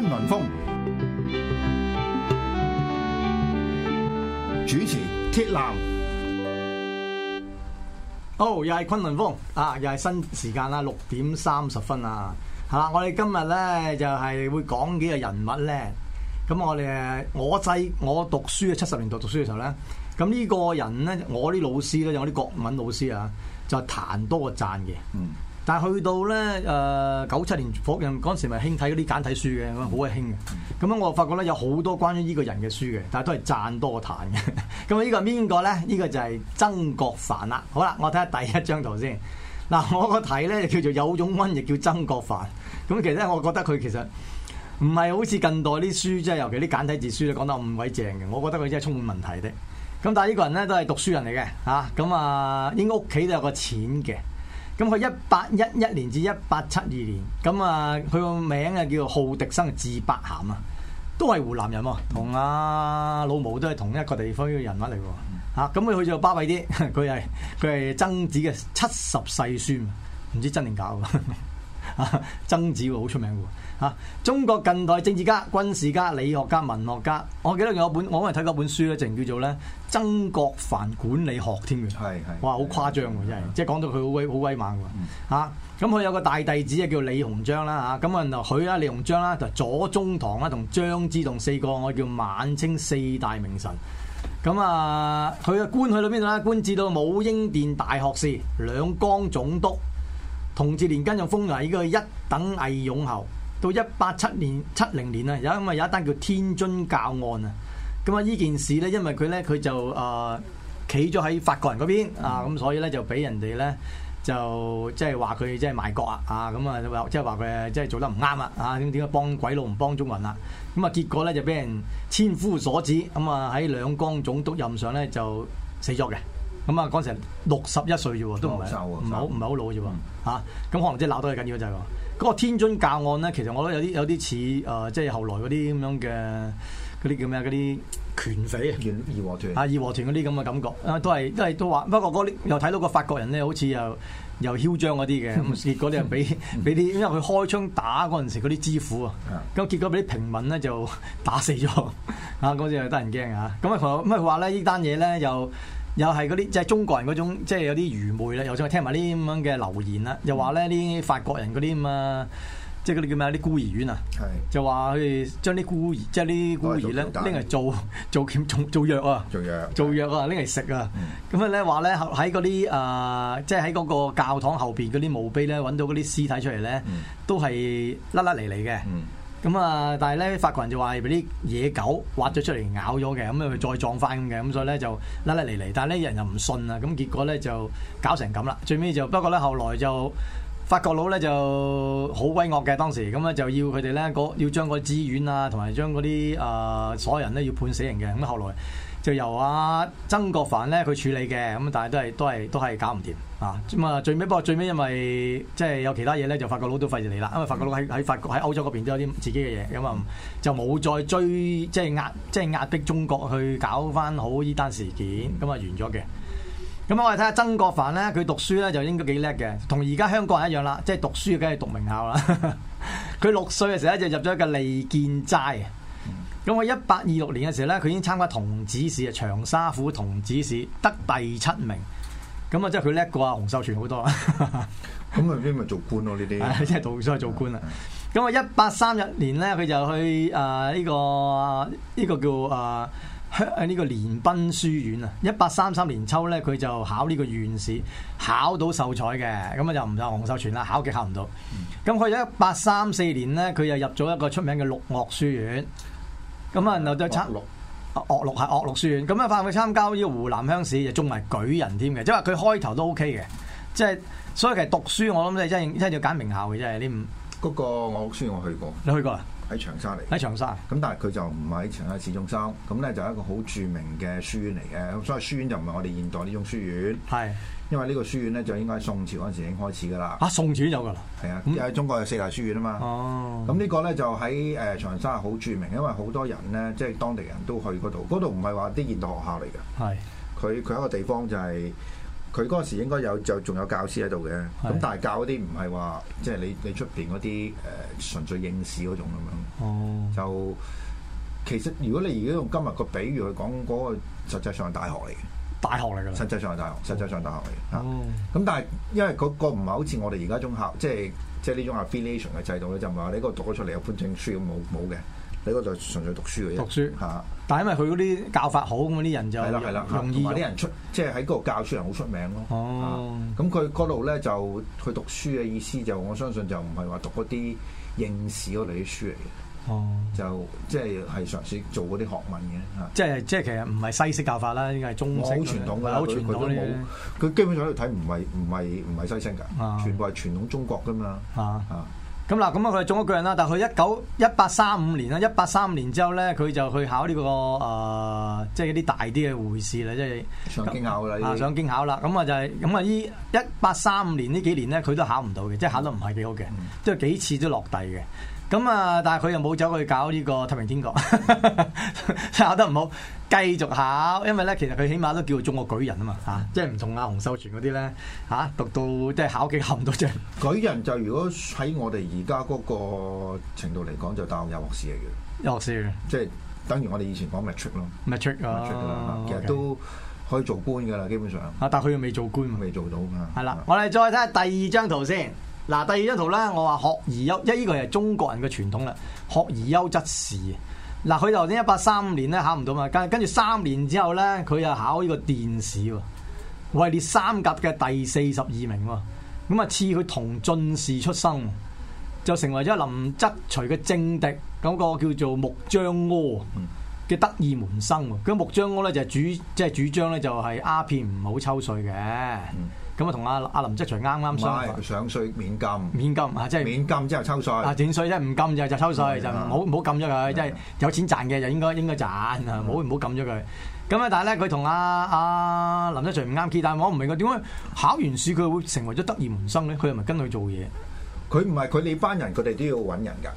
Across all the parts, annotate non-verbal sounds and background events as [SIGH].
哦、昆崙風主持鐵男，好又係昆崙風啊！又係新時間啦，六點三十分啊，係我哋今日咧就係、是、會講幾個人物咧。咁我哋我制我讀書嘅七十年代讀書嘅時候咧，咁呢個人咧，我啲老師咧，有啲國文老師啊，就係彈多個讚嘅。嗯。但係去到咧誒九七年復任嗰陣時，咪興睇嗰啲簡體書嘅，好係興嘅。咁樣我發覺咧有好多關於呢個人嘅書嘅，但係都係讚多彈嘅。咁 [LAUGHS] 啊，呢個係邊個咧？呢個就係曾國藩啦。好啦，我睇下第一張圖先。嗱，我個題咧叫做有種瘟疫叫曾國藩。咁其實呢，我覺得佢其實唔係好似近代啲書，即係尤其啲簡體字書咧講得咁鬼正嘅。我覺得佢真係充滿問題的。咁但係呢個人咧都係讀書人嚟嘅嚇。咁啊，應該屋企都有個錢嘅。咁佢一八一一年至一八七二年，咁啊，佢個名啊叫做號滌生，字伯涵啊，都係湖南人喎，同阿老毛都係同一個地方嘅人物嚟喎，吓，咁佢去咗巴閉啲，佢係佢係曾子嘅七十世孫，唔知真定假曾子喎，好出名嘅喎、啊，中國近代政治家、軍事家、理學家、文學家，我記得有本，我因為睇嗰本書咧，就叫做咧曾國藩管理學添嘅，係係，哇，好誇張喎，真係，即係是講到佢好威好威猛喎，咁佢、嗯啊、有個大弟子就叫李鴻章啦，嚇！咁啊，然後佢啦，李鴻章啦，就左宗棠啦，同張之洞四個，我叫晚清四大名臣。咁啊，佢嘅官去到邊度啦？官至到武英殿大學士、兩江總督。同治年間又封咗呢個一等毅勇侯，到一八七年七零年啊，有因為有一單叫天津教案啊，咁啊呢件事咧，因為佢咧佢就啊企咗喺法國人嗰邊、嗯、啊，咁所以咧就俾人哋咧就即係話佢即係賣國啊，啊咁啊即係話佢即係做得唔啱啊，啊點點解幫鬼佬唔幫中國人啊？咁啊結果咧就俾人千夫所指，咁啊喺兩江總督任上咧就死咗嘅。咁啊！嗰陣時六十一歲啫喎，都唔係唔好唔係好老啫喎嚇。咁可能即係鬧得係緊要就係個嗰個天津教案咧。其實我覺得有啲有啲似誒，即係後來嗰啲咁樣嘅嗰啲叫咩？嗰啲拳匪啊，義和團啊，義和團嗰啲咁嘅感覺啊，都係都係都話。不過嗰啲又睇到個法國人咧，好似又又囂張嗰啲嘅咁。結果咧，俾俾啲因為佢開槍打嗰陣時嗰啲知府啊，咁結果俾啲平民咧就打死咗啊！嗰 [LAUGHS] 陣又得人驚啊！咁、嗯、啊，佢咁啊話咧呢單嘢咧又。又係嗰啲，即係中國人嗰種，即係有啲愚昧啦。又再聽埋呢啲咁樣嘅留言啦，又話咧啲法國人嗰啲咁啊，即係嗰啲叫咩？啲孤兒院啊，就話佢哋將啲孤兒，即係啲孤兒咧拎嚟做做做做，做藥啊，做藥，做藥啊拎嚟食啊。咁啊咧話咧喺嗰啲啊，即係喺嗰個教堂後邊嗰啲墓碑咧揾到嗰啲屍體出嚟咧，都係甩甩嚟嚟嘅。嗯咁啊、嗯！但係咧，法國人就話係畀啲野狗挖咗出嚟咬咗嘅，咁、嗯、啊，佢再撞翻咁嘅，咁、嗯、所以咧就甩甩嚟嚟。但係咧，人又唔信啊！咁、嗯、結果咧就搞成咁啦。最尾就不過咧，後來就法國佬咧就好威惡嘅當時，咁啊就要佢哋咧要將個資源啊，同埋將嗰啲啊所有人咧要判死刑嘅。咁、嗯、後來。就由阿、啊、曾國藩咧佢處理嘅，咁但係都係都係都係搞唔掂啊！咁啊，最尾不過最尾，因為即係、就是、有其他嘢咧，就法國佬都費事嚟啦。因為法國佬喺喺法國喺歐洲嗰邊都有啲自己嘅嘢，咁、嗯、啊就冇再追即係、就是、壓即係、就是、壓迫中國去搞翻好呢單事件，咁、嗯、啊完咗嘅。咁、嗯、我哋睇下曾國藩咧，佢讀書咧就應該幾叻嘅，同而家香港人一樣啦，即係讀書梗係讀名校啦。佢 [LAUGHS] 六歲嘅時候咧就入咗一個利建齋。咁我一八二六年嘅時候咧，佢已經參加童子試啊，長沙府童子試，得第七名，咁啊，即係佢叻過啊洪秀全好多。咁啊，呢咪做官咯呢啲，即係讀書做官啊。咁 [LAUGHS] [LAUGHS] 啊，一八三一年咧，佢就去誒呢個呢個叫誒呢、啊這個漣濱書院啊。一八三三年秋咧，佢就考呢個院試，考到秀才嘅，咁啊就唔就洪秀全啦，考極考唔到。咁佢一八三四年咧，佢又入咗一個出名嘅嶽麓書院。咁啊，又再、嗯、參岳岳麓係岳麓書院，咁啊，去參加依湖南鄉試，就中埋舉人添嘅，即係話佢開頭都 OK 嘅，即、就、係、是、所以其實讀書我諗真係真係要揀名校嘅真係呢五。嗰個岳麓書院我去過，你去過啊？喺長沙嚟，喺長沙。咁但係佢就唔喺長沙市中心，咁咧就係一個好著名嘅書院嚟嘅。咁所以書院就唔係我哋現代呢種書院。係的，因為呢個書院咧就應該宋朝嗰陣時已經開始㗎啦。啊，宋朝有㗎啦。係啊的，咁喺、嗯、中國有四大書院啊嘛。哦。咁呢個咧就喺誒長沙好著名，因為好多人咧即係當地人都去嗰度。嗰度唔係話啲現代學校嚟嘅，係的。佢佢一個地方就係、是。佢嗰時應該有就仲有教師喺度嘅，咁但係教嗰啲唔係話即係你你出邊嗰啲誒純粹應試嗰種咁樣，oh. 就其實如果你而家用今日個比喻去講嗰個，實際上係大學嚟嘅，大學嚟嘅，實際上係大學，實際上大學嚟嘅嚇。咁、oh. oh. 但係因為嗰個唔係好似我哋而家中學，即係即係呢種 affiliation 嘅制度咧，就唔係話你嗰度讀咗出嚟有畢業證書咁冇冇嘅。你嗰度純粹讀書嘅啫，讀書，嚇！但係因為佢嗰啲教法好，咁啲人就容易。啲人出，即係喺嗰度教書，人好出名咯。咁佢嗰度咧就去讀書嘅意思就，我相信就唔係話讀嗰啲應試嗰類啲書嚟嘅。哦，就即係係嘗試做嗰啲學問嘅即係即係其實唔係西式教法啦，應該係中國，好傳統嘅，好傳統嘅。佢基本上喺度睇，唔係唔係唔係西式噶，全部係傳統中國噶嘛。啊啊！咁嗱，咁啊佢中一個人啦，但係佢一九一八三五年啦，一八三五年之後咧，佢就去考呢個誒，即係啲大啲嘅會試啦，即係上京考啦，上京考啦，咁啊就係，咁啊呢，一八三五年呢幾年咧，佢都考唔到嘅，即係考得唔係幾好嘅，嗯、即係幾次都落第嘅。咁啊！但係佢又冇走去搞呢、這個太平天國， [LAUGHS] 考得唔好，繼續考。因為咧，其實佢起碼都叫做中個舉人嘛 [MUSIC] 啊嘛，嚇！即係唔同阿洪秀全嗰啲咧嚇，讀到即係考幾冚到啫。舉人就如果喺我哋而家嗰個程度嚟講，就當有學士嚟嘅。有學士，即係等於我哋以前講 matric 咯 matric, matric 其實都可以做官噶啦，基本上。啊！但係佢又未做官，未做到㗎。係啦，我哋再睇下第二張圖先。嗱，第二張圖啦，我話學而優一，呢個係中國人嘅傳統啦，學而優則仕。嗱、啊，佢頭先一八三五年咧考唔到嘛，跟跟住三年之後咧，佢又考呢個殿試，位列三甲嘅第四十二名。咁啊，賜佢同進士出身，就成為咗林則徐嘅政敵，嗰、那個叫做穆章阿嘅得意門生。佢、那個、穆章阿咧就是、主即係、就是、主張咧就係鴉片唔好抽稅嘅。嗯咁禁啊，同阿阿林則徐啱啱相反，上稅免禁，免禁，啊，即係免禁之後抽稅啊，免稅啫，唔禁就就抽稅就唔好唔好禁咗佢，即係有錢賺嘅就應該應該賺啊，唔好唔好禁咗佢。咁啊，但係咧，佢同阿阿林則徐唔啱 key，但係我唔明佢點解考完試佢會成為咗得意門生咧？佢又咪跟佢做嘢？佢唔係佢你班人，佢哋都要搵人噶，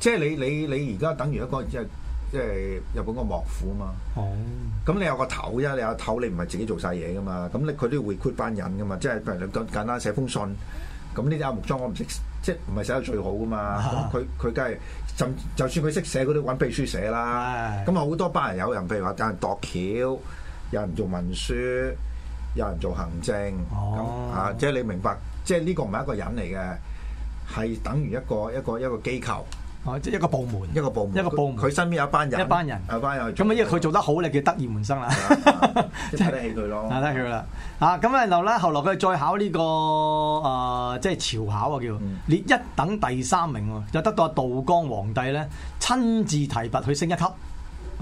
即係你你你而家等於一個即係。即係日本個幕府啊嘛，咁、oh. 嗯、你有個頭啫，你有個頭你唔係自己做晒嘢噶嘛，咁佢都要匯款班人噶嘛，即係譬如你簡簡單寫封信，咁呢啲阿木裝我唔識，即係唔係寫得最好噶嘛，佢佢梗係就就算佢識寫，佢都揾秘書寫啦，咁好、ah. 嗯嗯、多班人有人譬如話有人度橋，有人做文書，有人做行政，嚇、oh. 嗯啊，即係你明白，即係呢個唔係一個人嚟嘅，係等於一個一個，一個，一，個，一，個一個機構。即係一個部門，一個部門，一個部門，佢身邊有一班人，一班人，有班人。咁啊，因為佢做得好你叫得意門生啦，即係睇得起佢咯。睇得起佢啦。啊，咁然後咧，後來佢再考呢個啊，即係朝考啊，叫列一等第三名喎，就得到道光皇帝咧親自提拔佢升一級，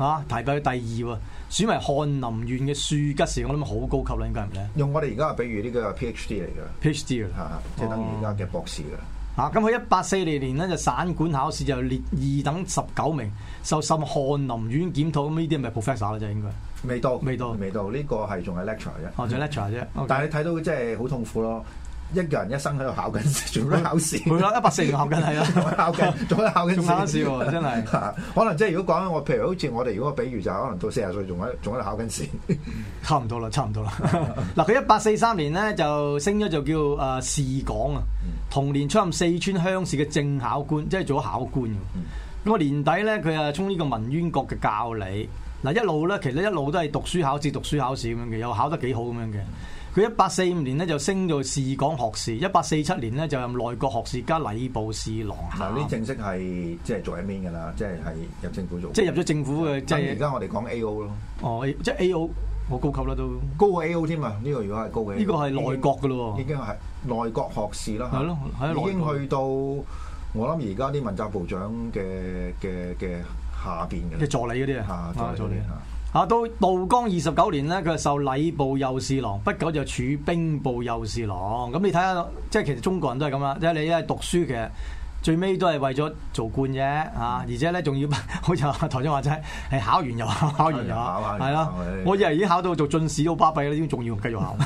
啊，提拔佢第二喎，選為翰林院嘅庶吉士。我諗好高級啦，應該係唔咧？用我哋而家比如呢個 PhD 嚟㗎。PhD 即係等於而家嘅博士㗎。嚇！咁佢一八四零年咧就省管考試就列二等十九名，受授翰林院檢討。咁呢啲係咪 professor 咧？真係應該？未到，未到，未到。呢個係仲係 lecture 啫，仲係 lecture 啫。Lect okay. 但係你睇到佢真係好痛苦咯。一個人一生喺度考緊，做咩考試？冇啦，一百四年考緊係啦， [LAUGHS] 考緊，做咩 [LAUGHS] 考緊？仲慘啲喎，真係的、啊。可能即係如果講我，譬如好似我哋如果比喻就可能到四十歲仲喺仲喺度考緊試，差唔多啦，差唔多啦。嗱，佢一八四三年呢，就升咗就叫誒侍講啊，同年出任四川鄉試嘅正考官，即係做考官。咁、那、我、個、年底咧佢啊充呢個文淵閣嘅教理。嗱一路咧其實一路都係讀書考試、讀書考試咁樣嘅，又考得幾好咁樣嘅。佢一八四五年呢就升做侍講學士，一八四七年呢就任內閣學士加禮部侍郎。嗱、啊，呢正式係即係做一邊噶啦，即係係入政府做，即係入咗政府嘅。即係而家我哋講 A O 咯。哦，即係 A O 好高級啦，都高過 A O 添啊！呢個如果係高嘅，呢個係內閣噶咯，已經係內閣學士啦。係咯，已經去到我諗而家啲問責部長嘅嘅嘅下邊嘅即係助理嗰啲啊。啊，助理。啊，到道光二十九年咧，佢受禮部右侍郎，不久就處兵部右侍郎。咁你睇下，即係其實中國人都係咁啦，即係你咧讀書嘅，最尾都係為咗做官啫。啊，而且咧仲要好似頭先話齋，係 [LAUGHS] 考完又考，完又考，係咯。我以為已經考到做進士都巴閉啦，點仲要繼續考？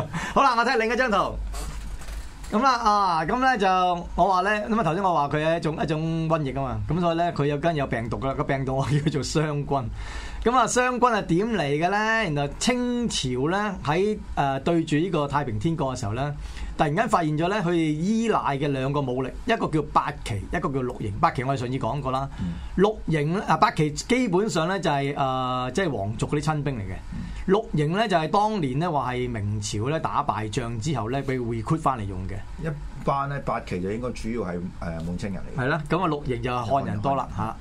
[LAUGHS] 好啦，我睇下另一張圖。咁啦，啊，咁咧就我話咧，咁啊頭先我話佢係一種一種瘟疫啊嘛。咁所以咧，佢有跟有病毒噶啦，個病毒我叫佢做湘軍。咁啊，湘軍係點嚟嘅咧？然後清朝咧喺誒對住呢個太平天國嘅時候咧，突然間發現咗咧，佢依賴嘅兩個武力，一個叫八旗，一個叫綠營。八旗我哋上次講過啦，綠營啊，八旗基本上咧就係誒即係皇族嗰啲親兵嚟嘅。綠營咧就係當年咧話係明朝咧打敗仗之後咧俾 recruit 翻嚟用嘅一班咧，八旗就應該主要係誒、呃、滿清人嚟嘅。係啦，咁啊，綠營就係漢人多啦嚇。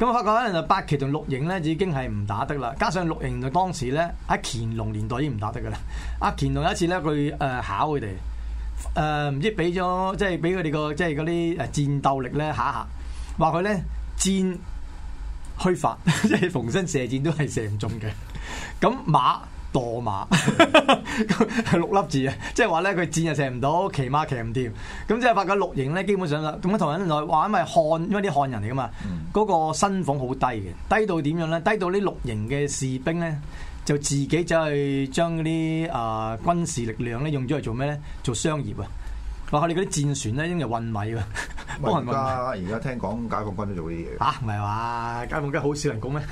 咁我發覺咧就八旗同綠營咧已經係唔打得啦，加上綠營就當時咧喺乾隆年代已經唔打得嘅啦。阿乾隆有一次咧佢誒考佢哋誒唔知俾咗即係俾佢哋個即係嗰啲誒戰鬥力咧下一下嚇，話佢咧戰虛發，即係逢身射箭都係射唔中嘅。咁馬。墮墮馬， [LAUGHS] 六粒字啊！即係話咧，佢箭又射唔到，騎馬騎唔掂，咁即係發覺六營咧，基本上啦，咁啊，同人來話，因為漢，因為啲漢人嚟噶嘛，嗰、嗯、個薪俸好低嘅，低到點樣咧？低到呢六營嘅士兵咧，就自己就去將啲啊、呃、軍事力量咧用咗嚟做咩咧？做商業啊！哇！你嗰啲戰船咧，應該係運米喎，幫人運米。而家而家聽講解放軍都做呢啲嘢。吓、啊，唔係話解放軍好少人工咩？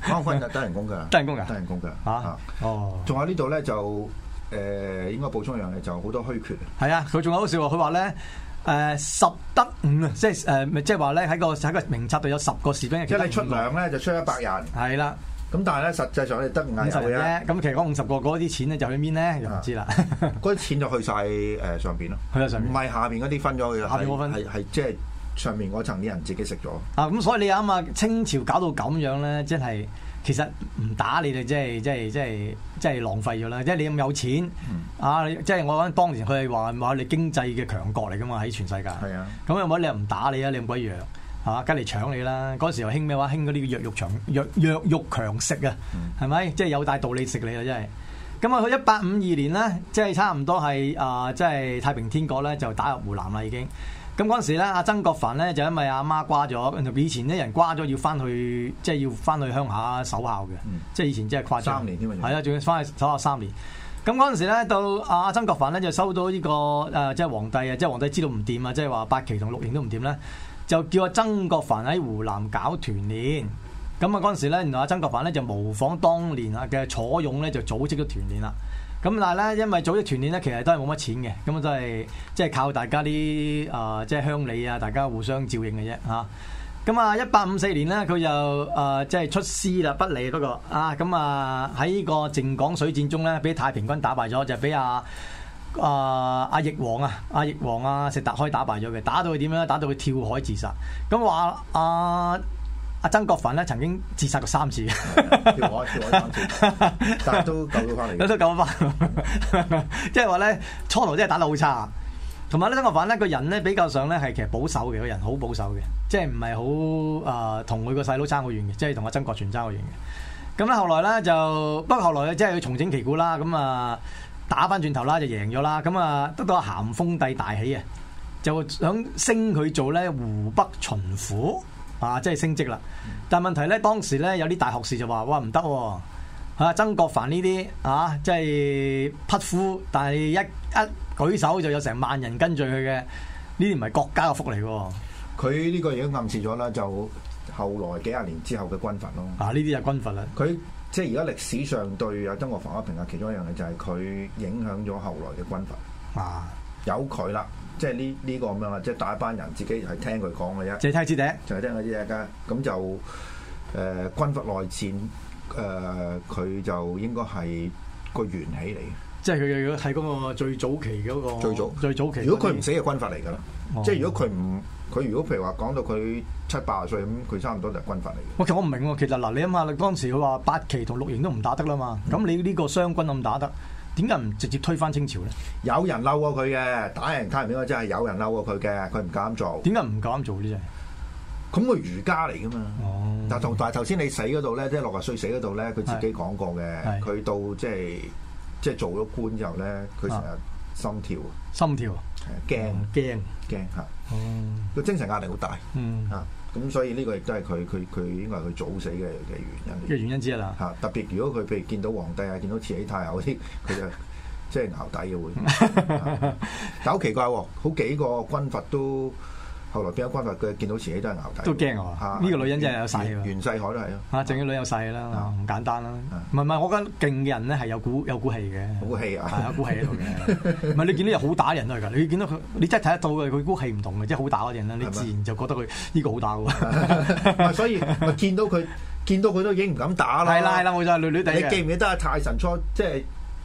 啊，分得得人工噶，得人工噶，得人工噶。吓、啊，哦。仲有呢度咧，就誒、呃，應該補充一樣嘢，就好多虛缺。係啊，佢仲有好笑，佢話咧，誒、呃、十得五啊，即係誒、呃，即係話咧喺個喺個名冊度有十個士兵，即係你出糧咧就出一百人。係啦。咁但係咧，實際上你得五十個啫。咁、嗯、其實講五十個嗰啲錢咧，就去邊咧？又唔知啦。嗰啲、啊、 [LAUGHS] 錢就去晒誒上邊咯。去曬上邊，唔係下邊嗰啲分咗嘅。下邊分。係，即係上面嗰層啲人自己食咗。啊咁、嗯，所以你啱啊！清朝搞到咁樣咧，即係其實唔打你哋，即係即係即係即係浪費咗啦。即係你咁有錢，嗯、啊即係我講當年佢係話話你經濟嘅強國嚟㗎嘛，喺全世界。係啊的。咁的有冇你唔打你啊？你唔鬼養？嚇！跟嚟、啊、搶你啦！嗰陣時又興咩話？興嗰啲弱肉強弱弱肉強食啊！係咪、mm.？即係有大道理食你啊！真係咁啊！佢一八五二年咧，即係差唔多係啊、呃！即係太平天國咧，就打入湖南啦已經。咁嗰陣時咧，阿曾國藩咧就因為阿媽瓜咗，以前咧人瓜咗要翻去，即係要翻去鄉下守孝嘅。Mm. 即係以前真係誇張三年添啊！係啊！仲要翻去守孝三年。咁嗰陣時咧，到阿曾國藩咧就收到呢、這個啊，即係皇帝啊，即係皇帝知道唔掂啊，即係話八旗同綠營都唔掂咧。就叫阿曾國藩喺湖南搞團練，咁啊嗰陣時咧，原來阿曾國藩咧就模仿當年啊嘅楚勇咧就組織咗團練啦。咁但係咧，因為組織團練咧，其實都係冇乜錢嘅，咁啊都係即係靠大家啲啊、呃、即係鄉里啊，大家互相照應嘅啫嚇。咁啊，一八五四年咧，佢就啊、呃、即係出師啦不利，不過、那個、啊咁啊喺呢個靖港水戰中咧，俾太平軍打敗咗，就俾、是、啊。啊！阿翼、uh, 王啊，阿翼王啊，石達、啊、開打敗咗嘅，打到佢點樣咧？打到佢跳海自殺。咁話阿阿曾國藩咧，曾經自殺過三次 [LAUGHS] 跳海跳海三次，大家都救到翻嚟，都救到翻。即係話咧，初頭真係打得好差，同埋呢，曾國藩咧，個人咧比較上咧係其實保守嘅，個人好保守嘅，即係唔係好啊同佢個細佬爭好遠嘅，即係同阿曾國荃爭好遠嘅。咁咧後來咧就，不過後來即係要重整旗鼓啦，咁啊。打翻轉頭啦，就贏咗啦，咁啊得到咸豐帝大喜啊，就想升佢做咧湖北巡撫啊，即係升職啦。但係問題咧，當時咧有啲大學士就話：哇唔得喎，曾國藩呢啲啊，即係匹夫，但係一一舉手就有成萬人跟住佢嘅，呢啲唔係國家嘅福嚟喎。佢呢個已經暗示咗啦，就後來幾十年之後嘅軍閥咯。啊，呢啲係軍閥啊。佢。即係而家歷史上對阿曾國藩嘅評價，其中一樣嘅就係佢影響咗後來嘅軍閥。啊，有佢啦，即係呢呢個咁樣啦，即係大班人自己係聽佢講嘅啫。就係聽耳仔，就係聽耳仔噶。咁就誒軍閥內戰，誒、呃、佢就應該係個緣起嚟。即係佢如果睇嗰個最早期嗰、那個最早最早期如、哦，如果佢唔死係軍閥嚟㗎啦。即係如果佢唔佢如果譬如話講到佢七八十歲咁，佢差唔多就係軍閥嚟嘅。我其實我唔明喎、啊，其實嗱，你諗下，當時佢話八旗同六營都唔打得啦嘛，咁、嗯、你呢個湘軍咁打得，點解唔直接推翻清朝咧？有人嬲過佢嘅，打贏打唔贏我真係有人嬲過佢嘅，佢唔夠膽做。點解唔夠膽做呢？就咁佢儒家嚟噶嘛。哦、但同但係頭先你死嗰度咧，即係六十歲死嗰度咧，佢自己講過嘅，佢到即係即係做咗官之後咧，佢成日。心跳心跳啊！係驚驚驚吓哦！個精神壓力好大，嗯啊，咁所以呢個亦都係佢佢佢應該係佢早死嘅嘅原因嘅原因之一啦。嚇特別如果佢譬如見到皇帝啊，見到慈禧太后嗰啲，佢就即係淆底嘅會 [LAUGHS] 但好奇怪喎好幾個軍閥都。後來比一關佢佢見到自己都係牛大，都驚啊！呢個女人真係有曬袁世凱都係咯，嚇正女有曬啦，唔簡單啦。唔係唔係，我覺得勁嘅人咧係有股有股氣嘅，股氣啊，係有股氣喺度嘅。唔係你見到又好打人都係㗎，你見到佢，你真係睇得到嘅，佢股氣唔同嘅，即係好打啲人啦。你自然就覺得佢呢個好打所以，咪見到佢，見到佢都已經唔敢打啦。係啦係啦，就錯，女女地。你記唔記得啊？泰神初即係。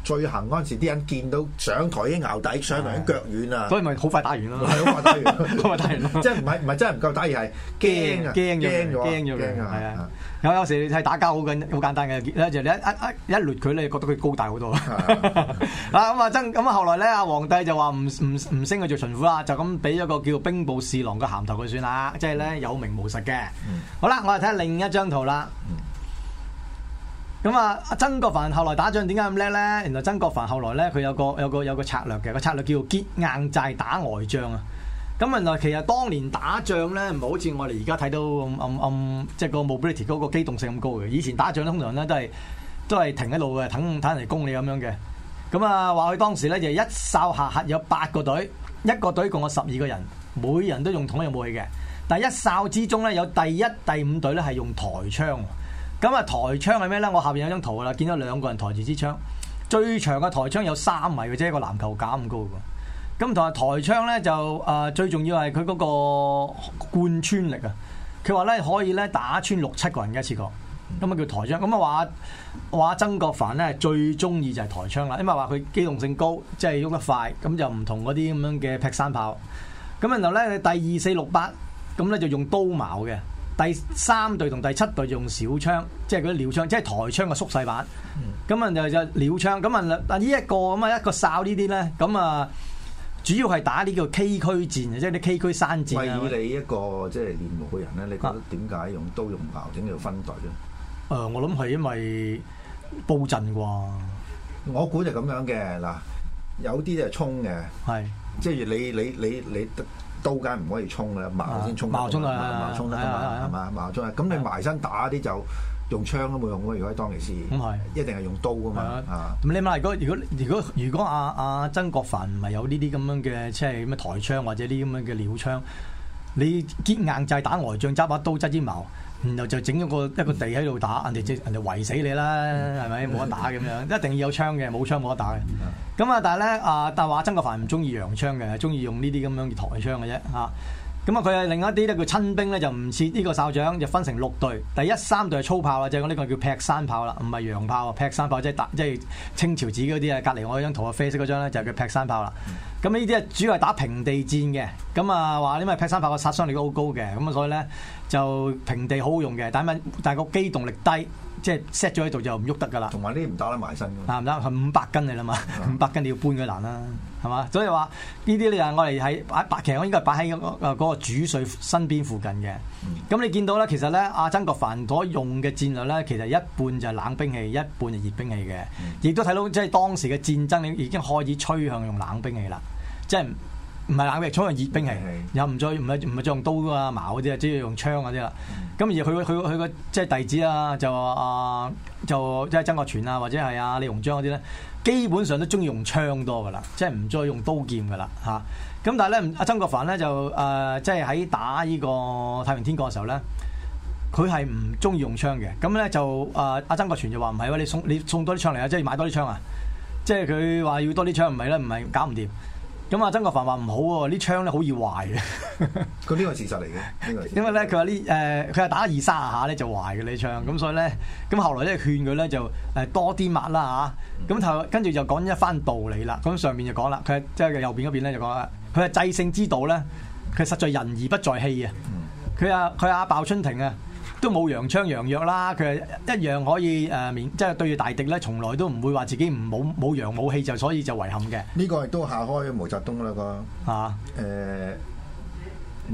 最行嗰陣時，啲人見到上台已經咬底，上台啲腳軟啊！所以咪好快打完咯，好快打完，好快打完咯。即係唔係唔係真係唔夠打，而係驚驚咗，驚咗，驚咗。係啊，有有時你睇打交好緊好簡單嘅，一就一一一一掠佢你，覺得佢高大好多。啊咁啊，真咁啊，後來咧，阿皇帝就話唔唔唔升佢做巡撫啦，就咁俾咗一個叫兵部侍郎嘅銜頭佢算啦，即係咧有名無實嘅。好啦，我哋睇另一張圖啦。咁啊，曾國藩後來打仗點解咁叻咧？原來曾國藩後來咧，佢有個有個有個策略嘅，個策略叫做結硬寨打呆仗啊。咁原來其實當年打仗咧，唔係好似我哋而家睇到咁暗暗，即係個 mobility 嗰個機動性咁高嘅。以前打仗咧，通常咧都係都係停喺度嘅，等人嚟攻你咁樣嘅。咁啊，話佢當時咧就一哨下轄有八個隊，一個隊共有十二個人，每人都用同一樣武器嘅。但係一哨之中咧，有第一、第五隊咧係用抬槍。咁啊，台槍係咩咧？我下邊有張圖啦，見到兩個人抬住支槍，最長嘅台槍有三米嘅啫，個籃球架咁高嘅。咁同埋台槍咧就誒、呃、最重要係佢嗰個貫穿力啊！佢話咧可以咧打穿六七個人一次過，咁啊叫台槍。咁啊話話曾國藩咧最中意就係台槍啦，因為話佢機動性高，即係喐得快，咁就唔同嗰啲咁樣嘅劈山炮。咁然後咧第二四六八咁咧就用刀矛嘅。第三隊同第七隊用小槍，即係嗰啲鳥槍，即係台槍嘅縮細版。咁啊就就鳥槍，咁啊嗱，呢一個咁啊一個哨呢啲咧，咁啊主要係打呢個崎嶇戰，即係啲崎嶇山戰啊。以你一個即係練武嘅人咧，你覺得點解用刀用矛整條分隊咧？誒、呃，我諗係因為布陣啩。我估就咁樣嘅嗱，有啲就係衝嘅，是即係你你你你。你你你你刀梗係唔可以衝嘅，矛先衝得。啊！矛衝得係嘛，矛衝得。咁你埋身打啲就用槍都冇用嘅，如果當其時。咁係。一定係用刀嘅嘛。啊。咁你問下如果如果如果如果阿阿曾國藩唔係有呢啲咁樣嘅，即係咩台槍或者啲咁樣嘅鳥槍，你堅硬就係打外仗，揸把刀揸支矛。然後就整咗個一個地喺度打，人哋即人哋圍死你啦，係咪？冇得打咁樣，一定要有槍嘅，冇槍冇得打嘅。咁啊， [LAUGHS] 但係咧啊，但係話曾國藩唔中意洋槍嘅，中意用呢啲咁樣嘅台槍嘅啫嚇。咁啊，佢係另一啲咧叫親兵咧，就唔似呢個哨長，就分成六隊。第一三隊係粗炮啦，即係講呢個叫劈山炮啦，唔係洋炮啊，劈山炮即係即係清朝子嗰啲啊。隔離我嗰張圖啊，啡色嗰張咧就係叫劈山炮啦。咁呢啲啊，主要係打平地戰嘅。咁啊話呢，因為劈山炮嘅殺傷力都好高嘅。咁啊所以，咧就平地好好用嘅，但係但係個機動力低。即係 set 咗喺度就唔喐得噶啦，同埋啲唔打得埋身㗎。嗱，唔得，佢五百斤嚟啦嘛，五百斤你 [LAUGHS] 要搬佢難啦，係嘛？所以話呢啲咧，我哋喺擺白旗，我應該擺喺嗰個主帥身邊附近嘅。咁、嗯、你見到咧，其實咧，阿曾國藩所用嘅戰略咧，其實一半就係冷兵器，一半就係熱兵器嘅。亦、嗯、都睇到即係當時嘅戰爭已經開始趨向用冷兵器啦，即係。唔係冷兵器，採用熱兵器， [MUSIC] 又唔再唔係唔係再用刀啊矛嗰啲啊，即係用槍嗰啲啦。咁而佢佢佢個即係弟子啊，就啊、呃、就即係曾國荃啊，或者係啊李鴻章嗰啲咧，基本上都中意用槍多噶啦，即係唔再用刀劍噶啦嚇。咁但係咧，阿曾國藩咧就誒即係喺打呢個太平天國嘅時候咧，佢係唔中意用槍嘅。咁咧就誒阿、呃、曾國荃就話唔係喎，你送你送多啲槍嚟啊，即係買多啲槍啊，即係佢話要多啲槍，唔係咧，唔係搞唔掂。咁啊，曾國藩話唔好喎，啲槍咧好易壞嘅。佢呢個事實嚟嘅，因為咧佢話呢誒，佢、呃、係打二卅下咧就壞嘅呢槍，咁、嗯、所以咧，咁後來咧勸佢咧就誒多啲抹啦吓，咁頭、嗯、跟住就講一番道理啦。咁上面就講啦，佢即係右邊嗰邊咧就講啦，佢係制勝之道咧，佢實在人而不在器啊。佢啊、嗯，佢阿鮑春霆啊。都冇洋槍洋藥啦，佢一樣可以誒，即、呃、係、就是、對住大敵咧，從來都唔會話自己唔冇冇洋武器就所以就遺憾嘅。呢個亦都下開毛澤東啦、那個。啊，誒、呃、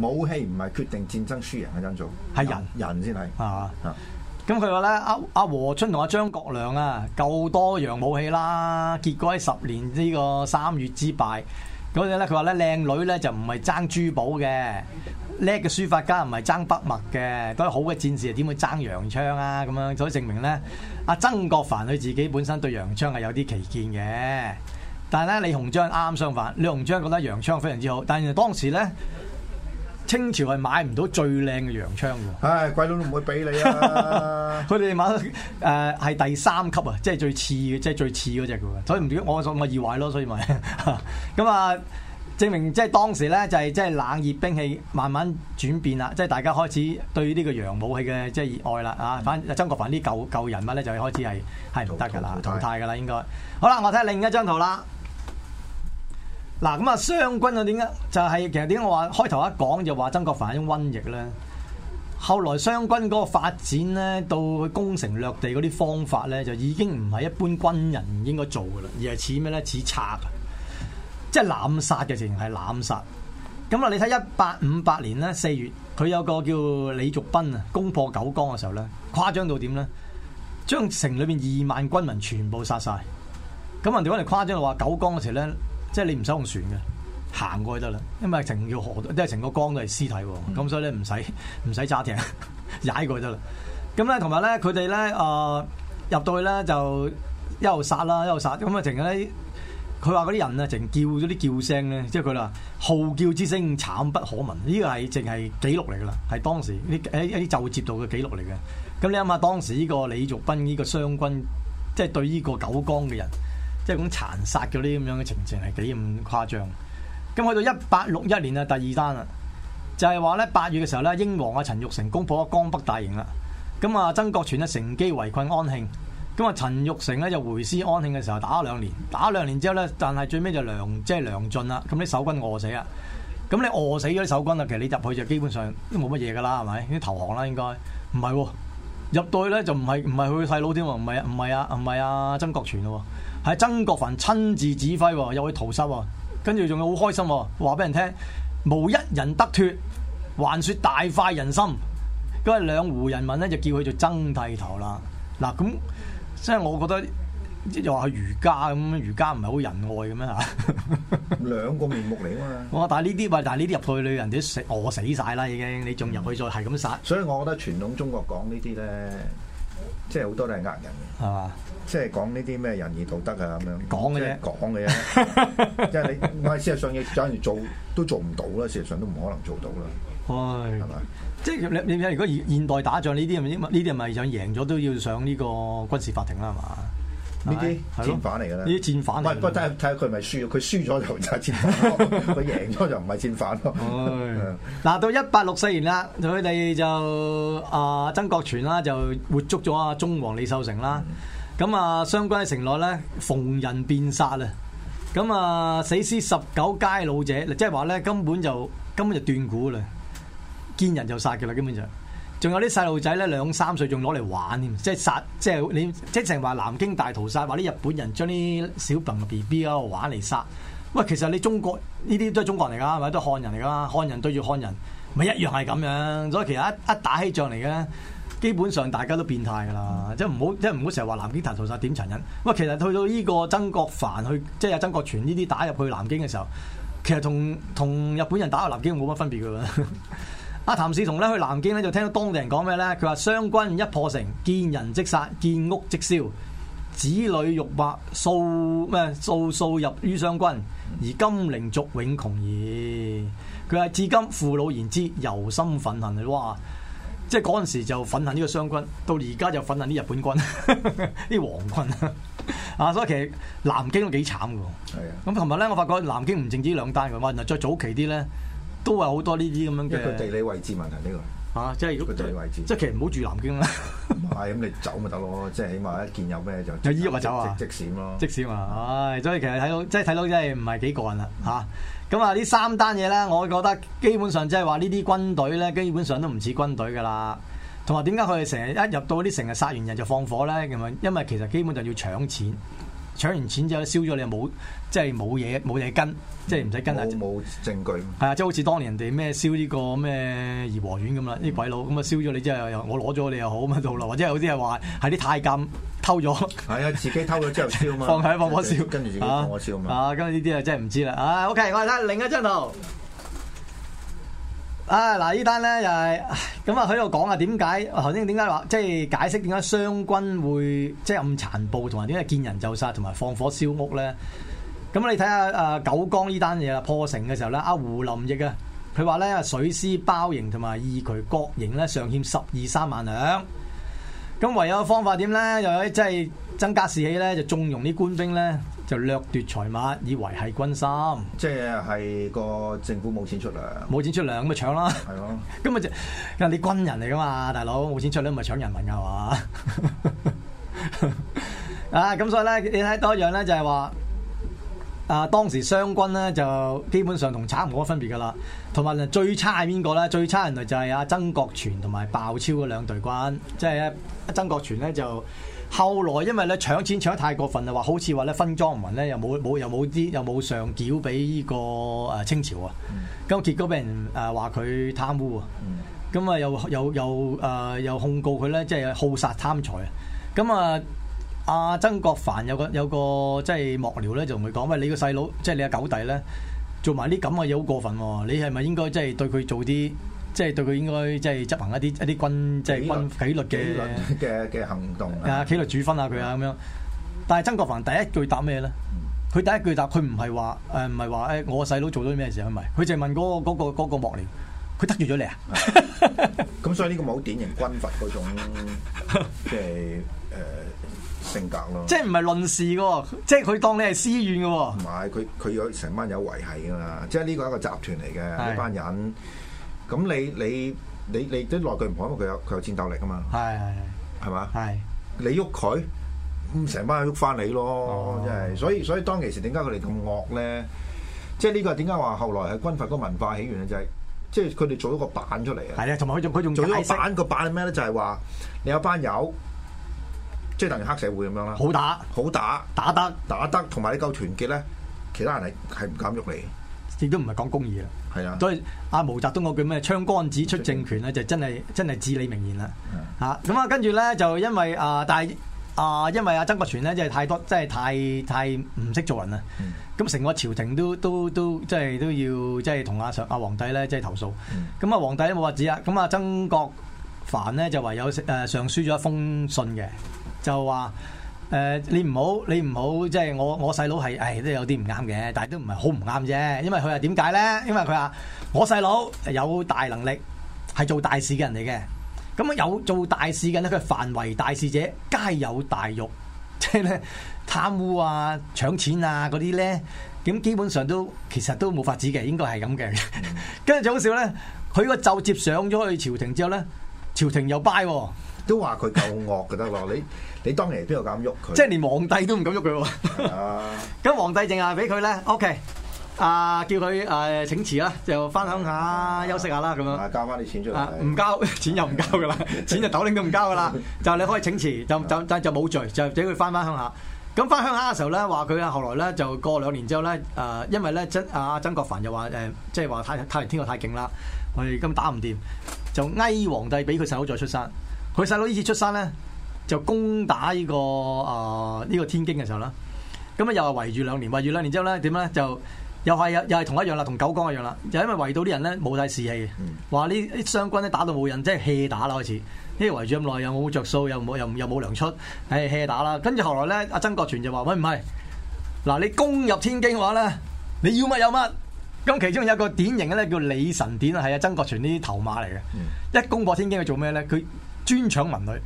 武器唔係決定戰爭輸贏嘅因素，係人，人先係。啊，咁佢話咧，阿阿、啊、和春同阿張國良啊，夠多洋武器啦，結果喺十年呢個三月之敗嗰陣咧，佢話咧靚女咧就唔係爭珠寶嘅。叻嘅書法家唔係爭筆墨嘅，都係好嘅戰士，係點會爭洋槍啊？咁樣所以證明咧，阿曾國藩佢自己本身對洋槍係有啲歧見嘅。但係咧，李鴻章啱相反，李鴻章覺得洋槍非常之好。但係當時咧，清朝係買唔到最靚嘅洋槍喎。唉、哎，鬼佬都唔會俾你啊！佢哋 [LAUGHS] 買誒係、呃、第三級啊，即係最次嘅，即係最次嗰隻嘅。所以唔知我所我意壞咯，所以咪咁 [LAUGHS] 啊。證明即係當時咧就係即係冷熱兵器慢慢轉變啦，即係大家開始對呢個洋武器嘅即係熱愛啦啊！嗯、反正曾國藩啲舊舊人物咧就開始係係唔得噶啦，淘汰噶啦應該。好啦，我睇下另一張圖啦。嗱，咁、嗯、啊，湘軍啊，點解？就係其實點解我話開頭一講就話曾國藩係種瘟疫咧？後來湘軍嗰個發展咧，到佢攻城略地嗰啲方法咧，就已經唔係一般軍人應該做噶啦，而係似咩咧？似賊。即係濫殺嘅，情形係濫殺。咁啊，你睇一八五八年咧，四月，佢有個叫李續賓啊，攻破九江嘅時候咧，誇張到點咧？將城裏邊二萬軍民全部殺晒。咁人哋攞嚟誇張話九江嘅時候咧，即係你唔使用，用船嘅，行過去得啦。因為成條河，即係成個江都係屍體，咁、嗯、所以咧唔使唔使揸艇踩過去得啦。咁咧同埋咧，佢哋咧啊入到去咧就一路殺啦，一路殺。咁啊，成日咧～佢話嗰啲人咧，淨叫咗啲叫聲咧，即係佢話號叫之聲，慘不可聞。呢個係淨係記錄嚟㗎啦，係當時呢喺一啲奏摺度嘅記錄嚟嘅。咁你諗下當時呢個李續賓呢個湘軍，即係對呢個九江嘅人，即係咁殘殺嘅呢咁樣嘅情節係幾咁誇張。咁去到一八六一年啊，第二單啊，就係話咧八月嘅時候咧，英王啊陳玉成攻破江北大營啦，咁啊曾國荃啊乘機圍困安慶。咁啊！陳玉成咧就回師安慶嘅時候打咗兩年，打咗兩年之後咧，但係最尾就梁即係、就是、梁進啦。咁啲守軍餓死啊！咁你餓死咗守軍啊，其實你入去就基本上都冇乜嘢噶啦，係咪啲投降啦？應該唔係入隊咧，哦、去就唔係唔係佢細佬添唔係啊，唔係啊，唔係啊！曾國荃咯、哦，係曾國藩親自指揮，又去屠殺，跟住仲要好開心，話俾人聽無一人得脱，還説大快人心。咁啊，兩湖人民咧就叫佢做曾剃頭啦。嗱咁。啊即係我覺得即係話係儒家咁，儒家唔係好仁愛咁樣嚇？ [LAUGHS] 兩個面目嚟嘛。哇、哦！但係呢啲咪？但係呢啲入去女人哋死餓死晒啦已經，你仲入去再係咁殺。所以我覺得傳統中國講呢啲咧，即係好多都係呃人嘅。係嘛吧？即係講呢啲咩仁義道德啊咁樣講嘅啫，講嘅啫。 [LAUGHS] 即係你，我哋事實上嘅假如做都做唔到啦，事實上都唔可能做到啦。唉，即係你你睇，如果現代打仗呢啲係咪呢啲係咪想贏咗都要上呢個軍事法庭啦係嘛？呢啲係咯，戰犯嚟㗎啦，呢啲戰犯。唔係，不睇下佢咪輸，佢輸咗就係戰犯，佢 [LAUGHS] 贏咗就唔係戰犯咯。嗱唉， [LAUGHS] 到一八六四年啦，佢哋就啊曾國荃啦就活捉咗阿忠王李秀成啦，咁啊、嗯、相關嘅城內咧逢人便殺啊，咁啊死屍十九皆老者，即係話咧根本就根本就斷估啦。見人就殺嘅啦，根本上仲有啲細路仔咧，兩三歲仲攞嚟玩添，即係殺，即係你即成話南京大屠殺，話啲日本人將啲小朋嘅 B B 喺度玩嚟殺。喂，其實你中國呢啲都係中國人嚟噶，係咪都漢人嚟噶嘛？漢人對住漢人咪一樣係咁樣，所以其實一,一打起仗嚟嘅，基本上大家都變態㗎啦。嗯，即係唔好即係唔好成日話南京大屠殺點殘忍。喂，其實去到呢個曾國藩去即係阿曾國荃呢啲打入去南京嘅時候，其實同同日本人打入南京冇乜分別㗎。 [LAUGHS] 阿、啊、譚嗣同咧去南京咧就聽到當地人講咩咧？佢話：湘軍一破城，見人即殺，見屋即燒，子女玉帛數咩數數入於湘軍，而金陵族永窮矣。佢話：至今父老言之，由心憤恨。你哇！即係嗰陣時就憤恨呢個湘軍，到而家就憤恨啲日本軍，啲皇軍啊！所以其實南京都幾慘㗎。係啊的！咁琴日咧，我發覺南京唔淨止兩單㗎嘛，原來再早期啲咧。都係好多呢啲咁樣嘅。一個地理位置問題呢個。嚇、啊，即係如果個地理位置。啊、位置即係其實唔好住南京啦、嗯。唔係， [LAUGHS] 咁你走咪得咯？即係 [LAUGHS] 起碼一見有咩就。就依肉咪走啊。即，即閃咯！即閃嘛！唉、哎，所以其實睇到，即係睇到真係唔係幾過癮啦嚇。咁啊，三呢三單嘢咧，我覺得基本上即係話呢啲軍隊咧，基本上都唔似軍隊噶啦。同埋點解佢哋成日一入到啲城，殺完人就放火咧？咁啊，因為其實基本就要搶錢。搶完錢之後燒咗你又冇，即係冇嘢冇嘢跟，即係唔使跟啊！冇證據。係啊，即係好似當年人哋咩燒呢個咩頤和園咁啦，啲鬼佬咁啊燒咗你之後又我攞咗你又好嘛，圖啦，或者有啲係話係啲太監偷咗。係啊、哎，自己偷咗之後燒嘛。 [LAUGHS] 放喺放火燒。 [LAUGHS] 跟住自跟啊，跟住呢啲啊真係唔知啦。啊，OK，我哋睇另一張圖。啊！嗱，單呢單咧又係咁啊，喺度講啊，點、就是、解頭先點解話即係解釋點解湘軍會即係咁殘暴，同埋點解見人就殺，同埋放火燒屋咧？咁你睇下啊，九江呢單嘢啊，破城嘅時候咧，阿、啊、胡林翼啊，佢話咧水師包營同埋二渠各營咧尚欠十二三萬兩，咁唯有方法點咧？又有即係增加士氣咧，就縱容啲官兵咧。就掠奪財物以維繫軍心，即係個政府冇錢出糧，冇錢出糧咁咪搶啦。係 [LAUGHS] 咯，咁咪就你啲軍人嚟噶嘛，大佬冇錢出糧咪搶人民㗎係嘛？啊咁所以咧，你睇多樣咧就係話，啊當時湘軍咧就基本上同賊冇乜分別㗎啦。同埋最差係邊個咧？最差人來就係阿曾國荃同埋鮑超嗰兩隊軍，即係咧，曾國荃咧就。後來因為咧搶錢搶得太過分啦，話好似話咧分裝唔勻咧，又冇冇又冇啲又冇上繳俾呢個誒清朝啊，咁結果俾人誒話佢貪污啊，咁啊又又又誒又控告佢咧，即係好殺貪財啊，咁啊阿曾國藩有個有個即係幕僚咧就同佢講：喂，你個細佬即係你阿九弟咧，做埋啲咁嘅嘢好過分喎，你係咪應該即係對佢做啲？即係對佢應該即係執行一啲一啲軍律即係軍紀律嘅嘅嘅行動啊！啊，紀律主分下佢啊咁樣。但係曾國藩第一句答咩咧？佢第一句答佢唔係話誒唔係話誒我細佬做咗啲咩事，係咪？佢淨係問嗰、嗰個嗰、嗰個嗰個莫連，佢得罪咗你啊？咁、嗯、所以呢個冇典型軍閥嗰種、 [LAUGHS] 嗯、即係誒性格咯。即係唔係論事嘅，即係佢當你係私怨嘅。唔係，佢佢有成班有維係㗎嘛。即係呢個係一個集團嚟嘅呢班人。咁你你你你啲內鬼唔好，因為佢有佢有戰鬥力啊嘛。係係係，係嘛係係？係你喐佢，咁成班喐翻你咯，哦、真係。所以所以當其時點解佢哋咁惡咧？即係呢個點解話後來係軍閥嗰個文化起源啊？就係即係佢哋做咗個版出嚟啊。係咧，同埋佢仲佢仲做咗版個版咩咧？就係、是、話你有班友，即係等於黑社會咁樣啦。好打，好打，打得打得，同埋你夠團結咧，其他人係係唔敢喐你。亦都唔係講公義啦，係啊的，所以阿毛澤東嗰句咩槍桿子出政權咧，就真係真係至理名言啦嚇。咁的啊，跟住咧就因為啊、呃，但係啊、呃，因為阿曾國荃咧，即係太多，即係太太唔識做人啦。咁成的個朝廷都都都即係都要即係同阿上阿皇帝咧，即係投訴。咁啊，皇帝都冇話止啊。咁啊，的曾國藩咧，就唯有誒上書咗一封信嘅，就話。誒、呃，你唔好，你唔好，即、就、係、是、我我細佬係，誒都有啲唔啱嘅，但係都唔係好唔啱啫。因為佢話點解咧？因為佢話我細佬有大能力，係做大事嘅人嚟嘅。咁啊有做大事嘅咧，佢凡為大事者皆有大欲，即係咧貪污啊、搶錢啊嗰啲咧，咁基本上都其實都冇法子嘅，應該係咁嘅。跟住就好笑咧，佢個奏折上咗去朝廷之後咧，朝廷又拜 u、哦、都話佢夠惡嘅得咯，你。 [LAUGHS] [LAUGHS] 你當年邊度敢喐佢？ [MUSIC] 即係連皇帝都唔敢喐佢喎。係啊，咁皇帝淨係俾佢咧，OK，啊、呃、叫佢誒請辭啦，就翻鄉下休息下啦，咁樣。交翻啲錢出嚟。唔、啊、交 [LAUGHS] 錢又唔交噶啦， [LAUGHS] 錢就抖拎都唔交噶啦。 [LAUGHS] 就你可以請辭，就就但就冇罪，就俾佢翻翻鄉下。咁翻鄉下嘅時候咧，話佢啊，後來咧就過兩年之後咧，誒因為咧曾曾國藩又話誒，即係話太太平天國太勁啦，我哋根本打唔掂，就哀皇帝俾佢細佬再出山。佢細佬呢次出山咧。就攻打呢、這個啊呢個天京嘅時候啦，咁啊又係圍住兩年，圍住兩年之後咧點咧就又係又又係同一樣啦，同九江一樣啦，就因為圍到啲人咧冇晒士氣，話呢啲湘軍咧打到冇人，即係 hea 打啦開始，因為圍住咁耐又冇着數，又冇又又冇糧出，唉 hea 打啦。跟住後來咧，阿曾國荃就話喂，唔係，嗱你攻入天京嘅話咧，你要乜有乜。咁其中有一個典型嘅咧叫李臣典啊，係啊，曾國荃呢啲頭馬嚟嘅，嗯、一攻破天京佢做咩咧？佢專搶民女，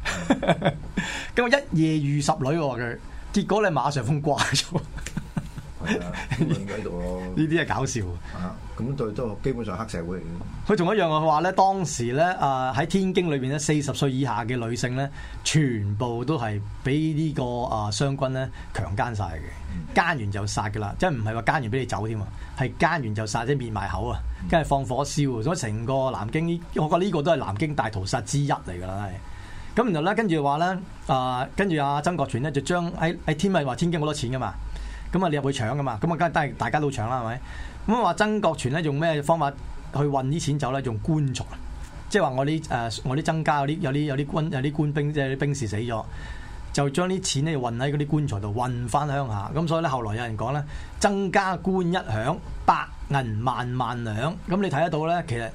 咁我一夜遇十女喎佢，結果你馬上風掛咗。係啊，喺度呢啲係搞笑啊！咁對都基本上黑社會嚟嘅。佢仲一樣係話咧，當時咧啊，喺天京裏邊咧，四十歲以下嘅女性咧，全部都係俾呢個啊湘軍咧強姦晒嘅，姦完就殺噶啦，即係唔係話姦完俾你走添啊，係姦完就殺，即係滅埋口啊，跟住放火燒，所以成個南京呢，我覺得呢個都係南京大屠殺之一嚟噶啦，係。咁然後咧，跟住話咧啊，跟住阿、啊、曾國荃咧就將喺喺天津話天京好多錢噶嘛。咁啊，你入去搶噶嘛？咁啊，梗係都係大家都搶啦，係咪？咁啊話曾國荃咧用咩方法去運啲錢走咧？用棺材，即係話我啲誒、呃、我啲曾家啲有啲有啲軍有啲官，官兵即係啲兵士死咗，就將啲錢咧運喺嗰啲棺材度運翻鄉下。咁所以咧後來有人講咧，曾家官一響，百銀萬萬兩。咁你睇得到咧，其實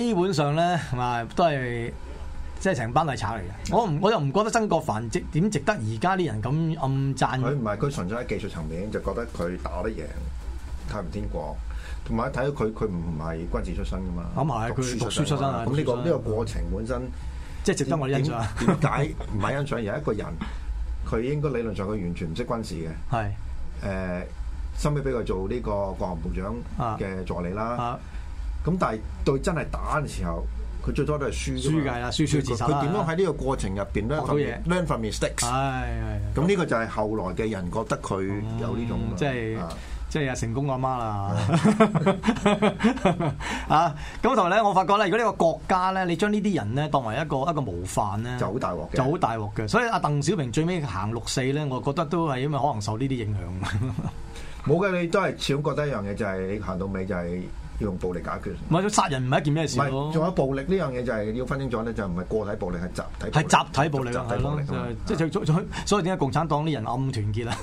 基本上咧係咪都係？即係成班鬼炒嚟嘅，我唔我又唔覺得曾國藩值點值得而家啲人咁暗讚。佢唔係佢純粹喺技術層面就覺得佢打得贏太平天國，同埋睇到佢佢唔係軍事出身噶嘛。咁係佢讀書出身啊，咁呢、嗯呢個呢、呢個過程本身、嗯、即係值得我哋欣賞。點解唔係欣賞？而係一個人，佢應該理論上佢完全唔識軍事嘅。係誒的，收尾俾佢做呢個國防部長嘅助理啦。咁但係對真係打嘅時候。佢最多都係輸,輸，輸計啦，輸輸自首佢點樣喺呢個過程入邊咧？學到嘢 learn from mistakes 咁呢個就係後來嘅人覺得佢有呢種、嗯，即係、啊、即係阿成功阿媽啦。哎、 [LAUGHS] [LAUGHS] 啊！咁同埋咧，我發覺咧，如果呢個國家咧，你將呢啲人咧當為一個一個模範咧，就好大鑊嘅，就好大鑊嘅。所以阿鄧小平最尾行六四咧，我覺得都係因為可能受呢啲影響。冇 [LAUGHS] 嘅，你都係始終覺得一樣嘢就係、是、你行到尾就係、是。要用暴力解決，唔係佢殺人唔係一件咩事咯。仲有暴力呢樣嘢就係、係、要分清楚咧，就唔係個體暴力，係集體。係集體暴力，集體暴力。即係做做，所以點解共產黨啲人咁團結啊？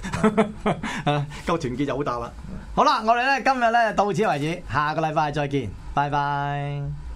啊的，夠 [LAUGHS] 團結就大的好大啦。好啦，我哋咧今日咧到此為止，下個禮拜再見，拜拜。